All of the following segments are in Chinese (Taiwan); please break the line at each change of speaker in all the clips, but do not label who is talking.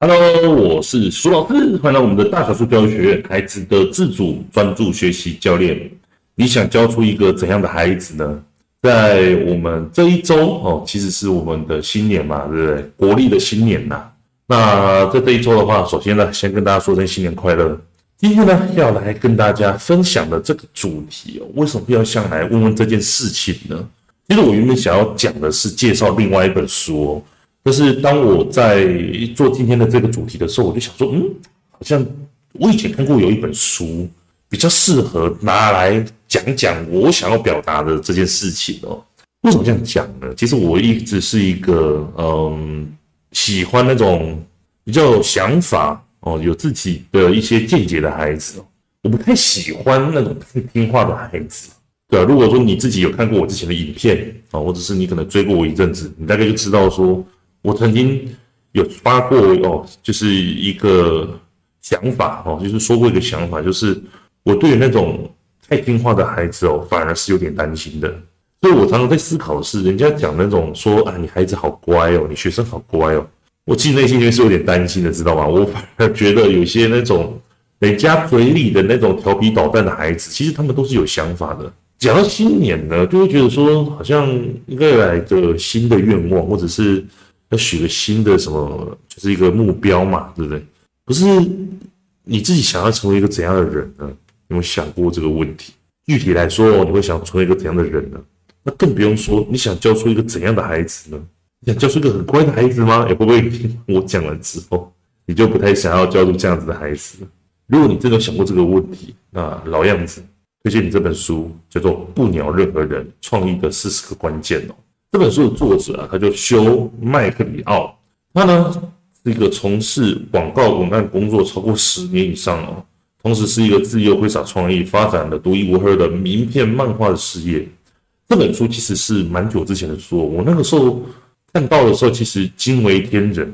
Hello，我是蘇老師，歡迎來到我們的大小樹教育學院，孩子的自主專注學習教練。你想教出一個怎樣的孩子呢？在我們這一周哦，其實是我們的新年嘛，對不對？國曆的新年吶。那在這一周的話，首先呢，先跟大家說聲新年快樂。今天呢，要來跟大家分享的這個主題哦，為什麼要上來問問這件事情呢？其實我原本想要講的是介紹另外一本書哦。但是當我在做今天的這個主題的時候，我就想說，嗯，好像我以前看過有一本書，比較適合拿來講講我想要表達的這件事情哦。為什麼這樣講呢？其實我一直是一個，嗯，喜歡那種比較有想法哦、有自己的一些見解的孩子哦。我不太喜歡那種太聽話的孩子，對啊，如果說你自己有看過我之前的影片啊，或者是你可能追過我一陣子，你大概就知道說。我曾經有發過哦，就是一個想法哦，就是說過一個想法，就是我對於那種太聽話的孩子哦，反而是有點擔心的。所以我常常在思考的是，人家講那種說啊，你孩子好乖哦，你學生好乖哦，我其實內心就是有點擔心的，知道嗎？我反而覺得有些那種人家嘴裡的那種調皮搗蛋的孩子，其實他們都是有想法的。講到新年呢，就會覺得說，好像應該來個新的願望，或者是。要許個新的什麼，就是一個目標嘛，對不對？不是你自己想要成為一個怎樣的人呢？你有沒有想過這個問題？具體來說，你會想成為一個怎樣的人呢？那更不用說你想教出一個怎樣的孩子呢？你想教出一個很乖的孩子嗎？也不不會聽我講了之後，你就不太想要教出這樣子的孩子。如果你真的有想過這個問題，那老樣子推薦你這本書，叫做《不鳥任何人，創意的四十個關鍵》哦。這本書的作者啊，他叫休麥克李奧，他呢是一個從事廣告文案工作超過十年以上了，啊，同時是一個自由揮灑創意，發展的獨一無二的名片漫畫的事業。這本書其實是蠻久之前的書，我那個時候看到的時候，其實驚為天人。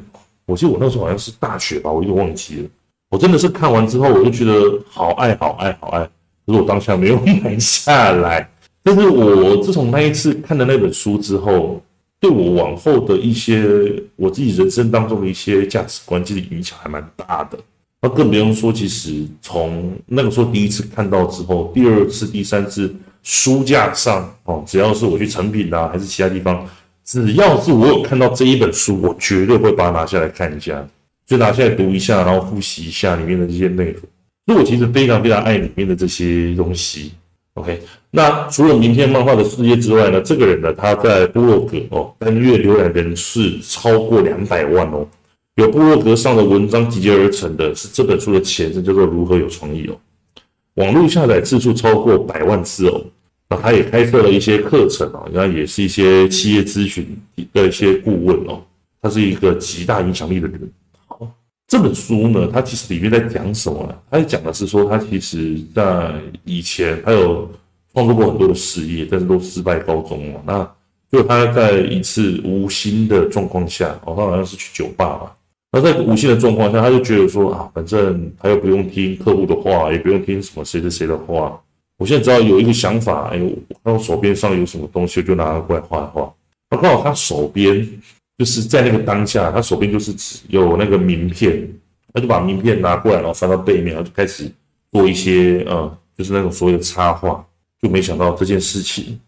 我記得我那時候好像是大學吧，我有點忘記了。我真的是看完之後，我就覺得好愛、好愛、好愛。可是我當下沒有買下來。但是我自從那一次看了那本書之後，對我往後的一些我自己人生當中的一些價值觀，其實影響還蠻大的。那更不用說，其實從那個時候第一次看到之後，第二次、第三次，書架上哦，只要是我去誠品啦、啊，還是其他地方，只要是我有看到這一本書，我絕對會把它拿下來看一下，就拿下來讀一下，然後複習一下裡面的這些內容。所以我其實非常非常愛裡面的這些東西。OK，那除了《明天漫畫的世界》之外呢？這個人呢，他在部落格哦，單月瀏覽人次超過兩百萬哦。由部落格上的文章集結而成的是這本書的前身，叫做《如何有創意》哦。網絡下載次數超過百萬次哦。那他也開設了一些課程啊、哦，那也是一些企業諮詢的一些顧問哦。他是一個極大影響力的人。這本書呢，它其實裡面在講什麼呢？它講的是說，他其實在以前還有創作過很多的事業，但是都是失敗告終了。那就他在一次無心的狀況下，哦，他好像是去酒吧嘛。那在無心的狀況下，他就覺得說啊，反正他又不用聽客戶的話，也不用聽什麼誰誰誰的話。我現在只要有一個想法，哎，我看我手邊上有什麼東西，我就拿它過來畫一畫。不過他手邊。就是在那個當下，他手邊就是只有那個名片，他就把名片拿過來，然後翻到背面，然後就開始做一些呃，就是那種所謂的插畫。就沒想到這件事情，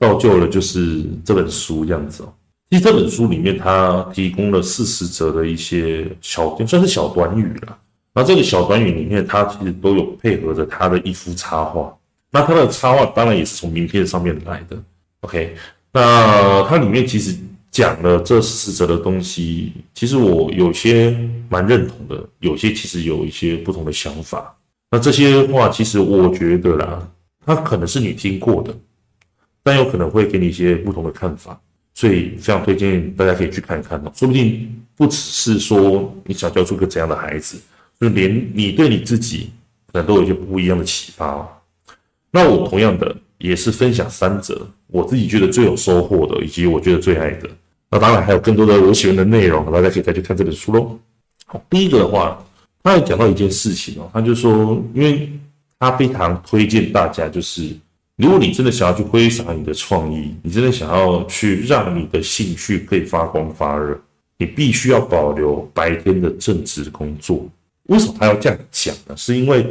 造就了就是這本書這樣子哦、喔。其實這本書裡面，他提供了四十則的一些小，算是小短語了。那這個小短語裡面，他其實都有配合着他的一幅插畫。那他的插畫當然也是從名片上面來的。OK，那它裡面其實。講了這四則的東西，其實我有些蠻認同的，有些其實有一些不同的想法。那這些話其實我覺得啦，它可能是你聽過的，但有可能會給你一些不同的看法，所以非常推薦大家可以去看看哦，說不定不只是說你想教出個怎樣的孩子，就連你對你自己可能都有一些不，不一樣的啟發。那我同樣的也是分享三則，我自己覺得最有收穫的，以及我覺得最愛的。那當然還有更多的我喜歡的內容，大家可以再去看這本書嘍。好，第一個的話，他有講到一件事情哦，他就說，因為他非常推薦大家，就是如果你真的想要去揮灑你的創意，你真的想要去讓你的興趣可以發光發熱，你必須要保留白天的正職工作。為什麼他要這樣講呢？是因為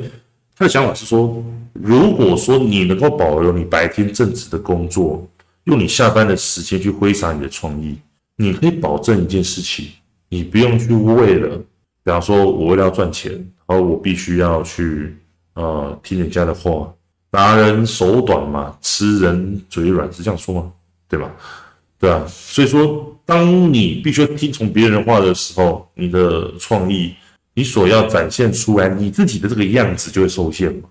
他的想法是說，如果說你能夠保留你白天正職的工作，用你下班的時間去揮灑你的創意。你可以保證一件事情，你不用去為了，比方說，我為了要賺錢，而我必須要去，呃，聽人家的話，拿人手短嘛，吃人嘴軟是這樣說嗎？對吧？對吧、啊？所以說，當你必須聽從別人的話的時候，你的創意，你所要展現出來你自己的這個樣子就會受限嘛。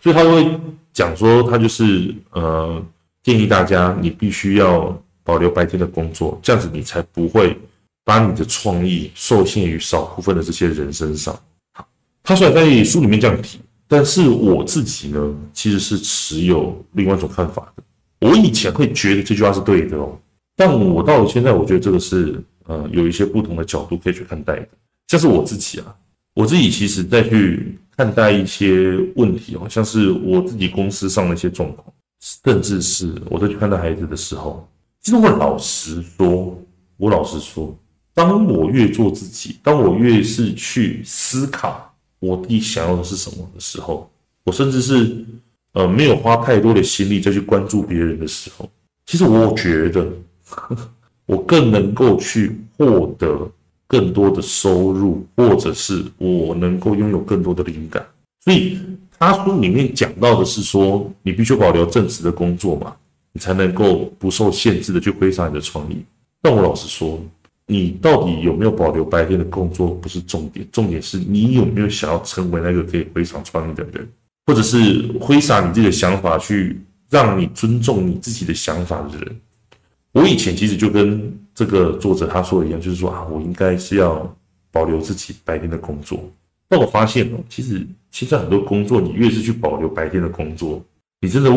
所以他會講說，他就是，呃，建議大家，你必須要。保留白天的工作，這樣子你才不會把你的創意受限於少部分的這些人身上。他雖然在書裡面這樣提，但是我自己呢，其實是持有另外一種看法的。我以前會覺得這句話是對的哦，但我到現在我覺得這個是，呃，有一些不同的角度可以去看待的。像是我自己啊，我自己其實在去看待一些問題哦，像是我自己公司上的一些狀況，甚至是我在去看待孩子的時候。其實我老實說，我老實說，當我越做自己，當我越是去思考我自己想要的是什麼的時候，我甚至是呃沒有花太多的心力再去關注別人的時候，其實我覺得呵呵我更能夠去獲得更多的收入，或者是我能夠擁有更多的靈感。所以他書裡面講到的是說，你必須保留正職的工作嘛。你才能夠不受限制的去揮灑你的創意。但我老實說，你到底有沒有保留白天的工作不是重點，重點是你有沒有想要成為那個可以揮灑創意的人，或者是揮灑你自己的想法，去讓你尊重你自己的想法的人。我以前其實就跟這個作者他說的一樣，就是說啊，我應該是要保留自己白天的工作。但我發現哦，其實現在很多工作，你越是去保留白天的工作，你真的。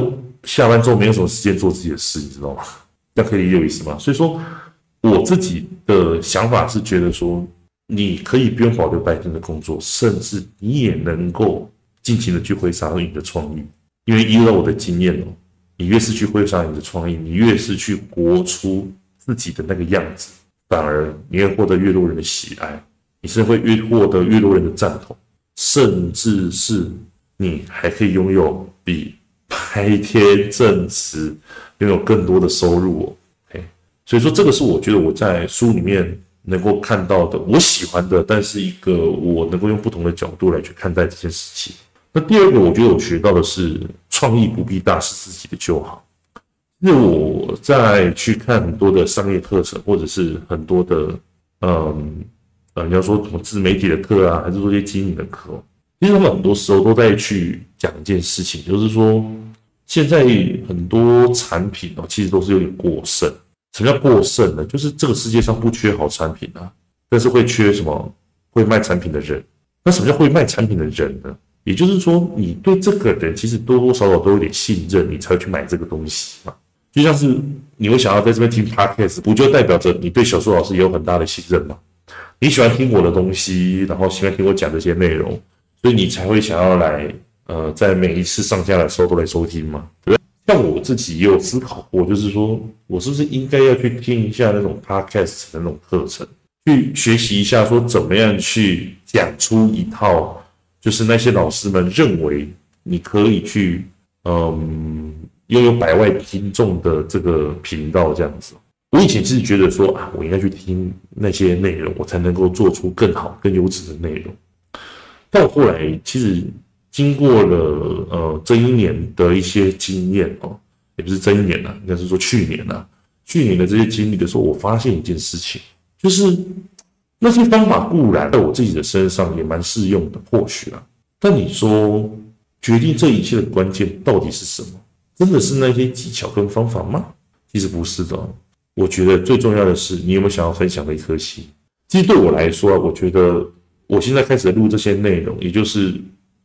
下班之後沒有什麼時間做自己的事，你知道嗎？那可以理解我意思嗎？所以說，我自己的想法是覺得說，你可以不用保留白天的工作，甚至你也能夠盡情的去揮灑你的創意。因為依照我的經驗哦，你越是去揮灑你的創意，你越是去活出自己的那個樣子，反而你越獲得越多人的喜愛，你是會越獲得越多人的贊同，甚至是你還可以擁有比。開貼證詞擁有，有更多的收入哦嘿。所以說這個是我覺得我在書裡面能夠看到的，我喜歡的，但是一個我能夠用不同的角度來去看待這件事情。那第二個，我覺得我學到的是創意不必大師，自己的就好。因為我在去看很多的商業課程，或者是很多的，嗯呃，你要說什麼自媒體的課啊，還是說一些經營的課，其實他們很多時候都在去講一件事情，就是說。現在很多產品哦，其實都是有點過剩。什麼叫過剩呢？就是這個世界上不缺好產品啊，但是會缺什麼？會賣產品的人。那什麼叫會賣產品的人呢？也就是說，你對這個人其實多多少少都有點信任，你才會去買這個東西嘛。就像是你會想要在這邊聽 podcast，不就代表着你對小樹老師也有很大的信任嗎？你喜歡聽我的東西，然後喜歡聽我講這些內容，所以你才會想要來。呃，在每一次上架的時候都來收聽嘛，對不對？像我自己也有思考過，就是說我是不是應該要去聽一下那種 podcast 的那種課程，去學習一下，說怎麼樣去講出一套，就是那些老師們認為你可以去，嗯、呃，擁有百萬聽眾的這個頻道這樣子。我以前是覺得說啊，我應該去聽那些內容，我才能夠做出更好、更優質的內容。到後來，其實。經過了呃這一年的一些經驗哦，也不是這一年吶、啊，應該是說去年吶、啊，去年的這些經歷的時候，我發現一件事情，就是那些方法固然在我自己的身上也蠻適用的，或許啊，但你說決定這一切的關鍵到底是什麼？真的是那些技巧跟方法嗎？其實不是的、哦，我覺得最重要的是你有沒有想要分享的一顆心。其實對我來說啊，我覺得我現在開始錄這些內容，也就是。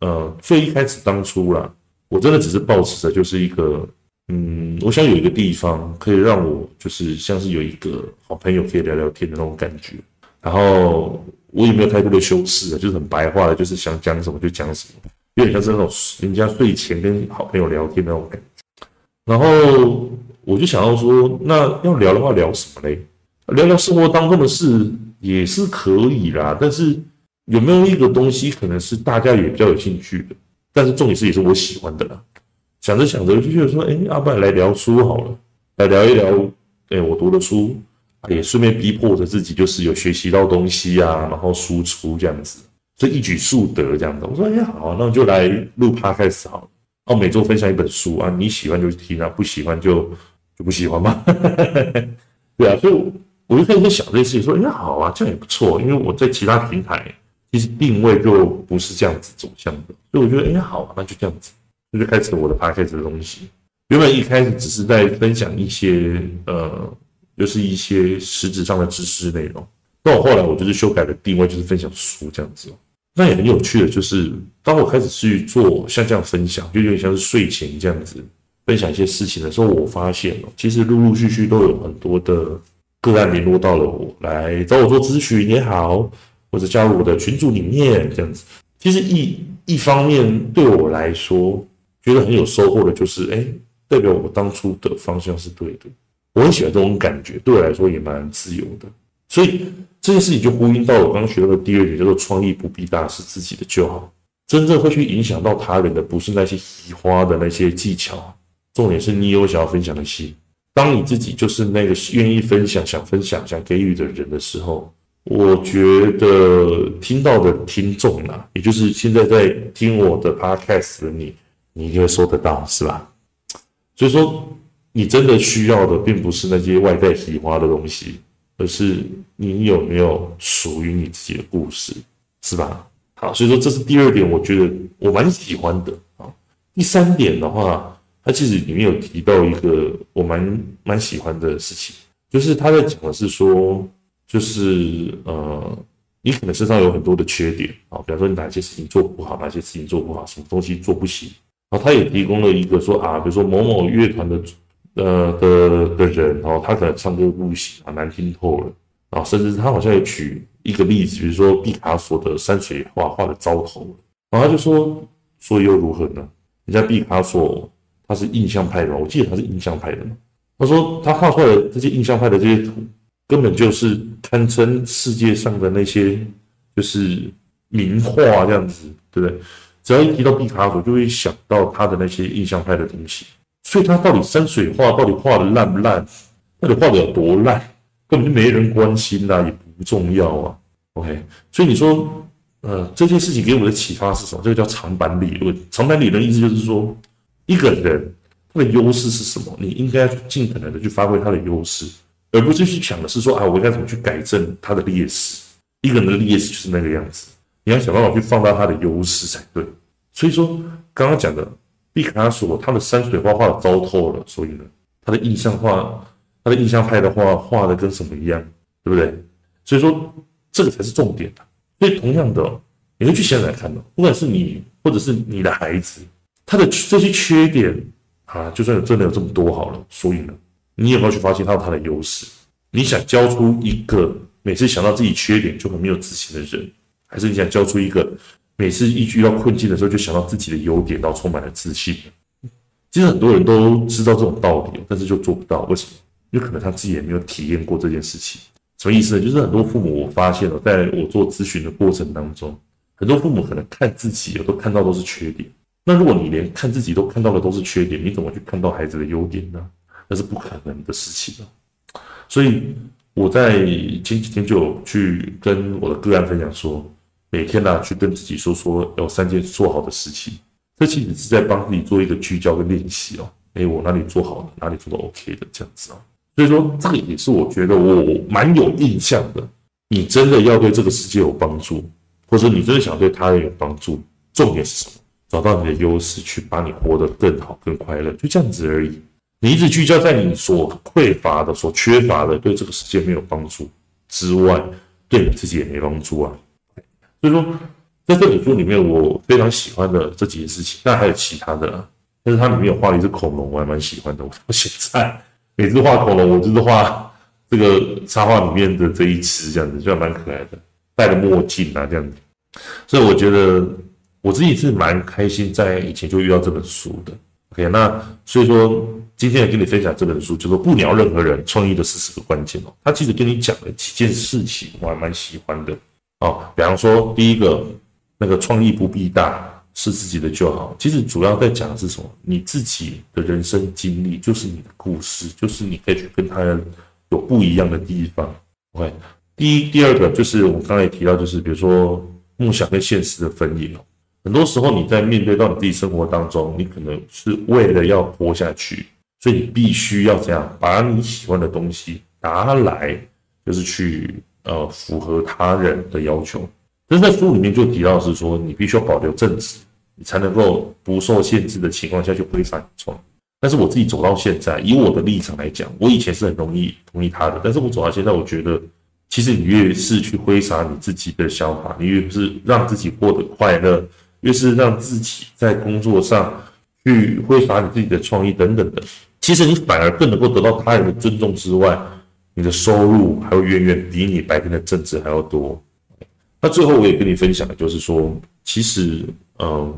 呃，最一開始當初啦，我真的只是抱持着就是一個，嗯，我想有一個地方可以讓我就是像是有一個好朋友可以聊聊天的那種感覺。然後我也沒有太多的修飾啊，就是很白話的，就是想講什麼就講什麼，有點像是那種人家睡前跟好朋友聊天的那種感覺。然後我就想要說，那要聊的話聊什麼嘞？聊聊生活當中的事也是可以啦，但是。有沒有一個東西可能是大家也比較有興趣的？但是重點是也是我喜歡的啦。想着想着就覺得說，欸，阿爸來聊書好了，來聊一聊。欸，我讀的書啊，也順便逼迫着自己，就是有學習到東西啊，然後輸出這樣子，這一舉數得這樣子。我說，欸，好，那我就來錄 podcast 好了。哦，每周分享一本書啊，你喜歡就聽啊，不喜歡就就不喜歡吧。 對啊，所以我就開始想這事情，說，欸，好啊，這樣也不錯，因為我在其他平台。其實定位就不是這樣子走向的，所以我覺得，誒、欸，好啊，那就這樣子，我就開始我的 podcast 的東西。原本一開始只是在分享一些，呃，就是一些實質上的知識內容。那我後來我就是修改了定位，就是分享書這樣子。那也很有趣的就是，當我開始去做像這樣分享，就有點像是睡前這樣子分享一些事情的時候，我發現其實陸陸續續都有很多的個案聯絡到了我，來找我做諮詢也好。或者加入我的群組裡面，這樣子，其實一一方面對我來說，覺得很有收穫的，就是哎、欸，代表我當初的方向是對的。我很喜歡這種感覺，對我來說也蠻自由的。所以這件事情就呼應到我剛剛學到的第二點，叫做創意不必大，是自己的就好。真正會去影響到他人的，不是那些花的那些技巧，重點是你有想要分享的心。當你自己就是那個願意分享、想分享、想給予的人的時候我覺得聽到的聽眾啊，也就是現在在聽我的 podcast 的你，你一定會收得到，是吧？所以說，你真的需要的並不是那些外在浮華的東西，而是你有沒有屬於你自己的故事，是吧？好，所以說這是第二點，我覺得我蠻喜歡的啊。第三點的話，他其實裡面有提到一個我蠻蠻喜歡的事情，就是他在講的是說。就是呃，你可能身上有很多的缺點啊、哦，比方說你哪些事情做不好，哪些事情做不好，什麼東西做不行啊。然後他也提供了一個說啊，比如說某某樂團的呃的的人，然後他可能唱歌不行啊，難聽透了啊，然後甚至他好像也舉一個例子，比如說畢卡索的山水畫畫的糟透了，然後他就說，所以又如何呢？人家畢卡索他是印象派的，我記得他是印象派的嘛。他說他畫出來的這些印象派的這些圖。根本就是堪稱世界上的那些就是名畫這樣子，對不對？只要一提到畢卡索，就會想到他的那些印象派的東西。所以他到底山水畫到底畫得爛不爛？到底畫得有多爛？根本就沒人關心啦、啊，也不重要啊。OK，所以你說，呃，這件事情給我的啟發是什麼？這個叫長板理論。長板理論意思就是說，一個人他的優勢是什麼？你應該儘可能的去發揮他的優勢。而不是去想的是說啊，我應該怎麼去改正他的劣勢？一個人的劣勢就是那個樣子，你要想辦法去放大他的優勢才對。所以說，剛剛講的畢卡索，他的山水畫畫的糟透了，所以呢，他的印象畫，他的印象派的畫畫的跟什麼一樣，對不對？所以說，這個才是重點的。所以同樣的，你可以去想想看的，不管是你或者是你的孩子，他的這些缺點啊，就算真的有這麼多好了，所以呢。你有沒有去發現他有他的優勢？你想教出一個每次想到自己缺點就很沒有自信的人，還是你想教出一個每次一遇到困境的時候就想到自己的優點，然後充滿了自信？其實很多人都知道這種道理，但是就做不到。為什麼？因為可能他自己也沒有體驗過這件事情。什麼意思呢？就是很多父母，我發現了喔，在我做諮詢的過程當中，很多父母可能看自己都看到都是缺點。那如果你連看自己都看到的都是缺點，你怎麼去看到孩子的優點呢？那是不可能的事情了，啊，所以我在前幾天就有去跟我的個案分享說，每天呢、啊、去跟自己說說要三件做好的事情，這其實是在幫你做一個聚焦跟練習哦、啊。哎，我哪裡做好了，哪裡做的 OK 的這樣子啊。所以說，這個也是我覺得我，我蠻有印象的。你真的要對這個世界有幫助，或者你真的想對他人有幫助，重點是什麼？找到你的優勢，去把你活得更好、更快樂，就這樣子而已。你一直聚焦在你所匱乏的、所缺乏的，對這個世界沒有幫助之外，對你自己也沒幫助啊。所以說，在這本書裡面，我非常喜歡的這幾件事情，那還有其他的，但是它裡面有畫了一隻恐龍，我還蠻喜歡的。我到現在每次畫恐龍，我就是畫這個插畫裡面的這一隻，這樣子就還蠻可愛的，戴了墨鏡啊，這樣子。所以我覺得我自己是蠻開心，在以前就遇到這本書的。OK，那所以說今天也跟你分享這本書，叫做不鳥任何人，創意的四十個關鍵哦。他其實跟你講了幾件事情，我還蠻喜歡的哦。比方說第一個，那個創意不必大，是自己的就好。其實主要在講的是什麼？你自己的人生經歷就是你的故事，就是你可以去跟他人有不一樣的地方。OK，第一、第二個就是我剛才也提到，就是比如說夢想跟現實的分野哦。很多時候你在面對到你自己生活當中，你可能是為了要活下去，所以你必須要這樣把你喜歡的東西拿來，就是去呃符合他人的要求。但是在書裡面就提到的是說，你必須要保留正直，你才能夠不受限制的情況下去揮灑你的創意。但是我自己走到現在，以我的立場來講，我以前是很容易同意他的，但是我走到現在，我覺得，其實你越是去揮灑你自己的想法，你越是讓自己過得快樂，越是讓自己在工作上去揮灑你自己的創意等等的，其實你反而更能夠得到他人的尊重之外，你的收入還會遠遠比你白天的正職還要多。那最後我也跟你分享的就是說，其實，嗯，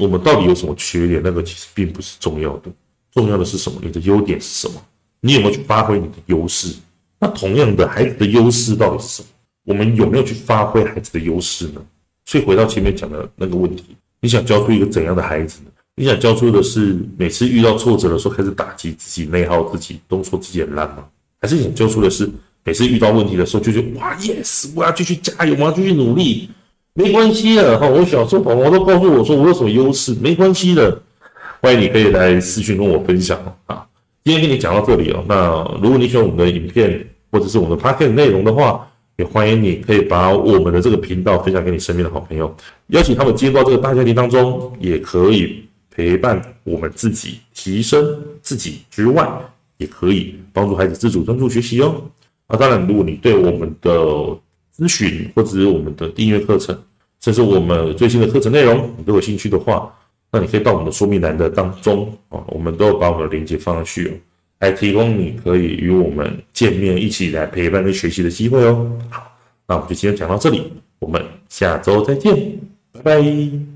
我們到底有什麼缺點？那個其實並不是重要的，重要的是什麼？你的優點是什麼？你有沒有去發揮你的優勢？那同樣的，孩子的優勢到底是什麼？我們有沒有去發揮孩子的優勢呢？所以回到前面講的那個問題，你想教出一個怎樣的孩子呢？你想教出的是每次遇到挫折的時候開始打擊自己、內耗自己、都說自己很爛嗎？還是想教出的是每次遇到問題的時候就覺得哇，yes，我要繼續加油，我要繼續努力，沒關係的哈。我小時候爸媽都告訴我說我有什麼優勢，沒關係的。歡迎你可以來私訊跟我分享啊。今天跟你講到這裡哦。那如果你喜歡我們的影片或者是我們 Podcast 內容的話，也歡迎你，可以把我們的這個頻道分享給你身邊的好朋友，邀請他們進入到這個大家庭當中，也可以陪伴我們自己提升自己之外，也可以幫助孩子自主專注學習哦。啊，當然，如果你對我們的諮詢或者是我們的訂閱課程，甚至我們最新的課程內容，你都有興趣的話，那你可以到我們的說明欄的當中啊，我們都有把我們的鏈接放上去。來提供你可以與我們見面，一起來陪伴你學習的機會哦。好，那我們就今天講到這裡，我們下週再見，拜拜。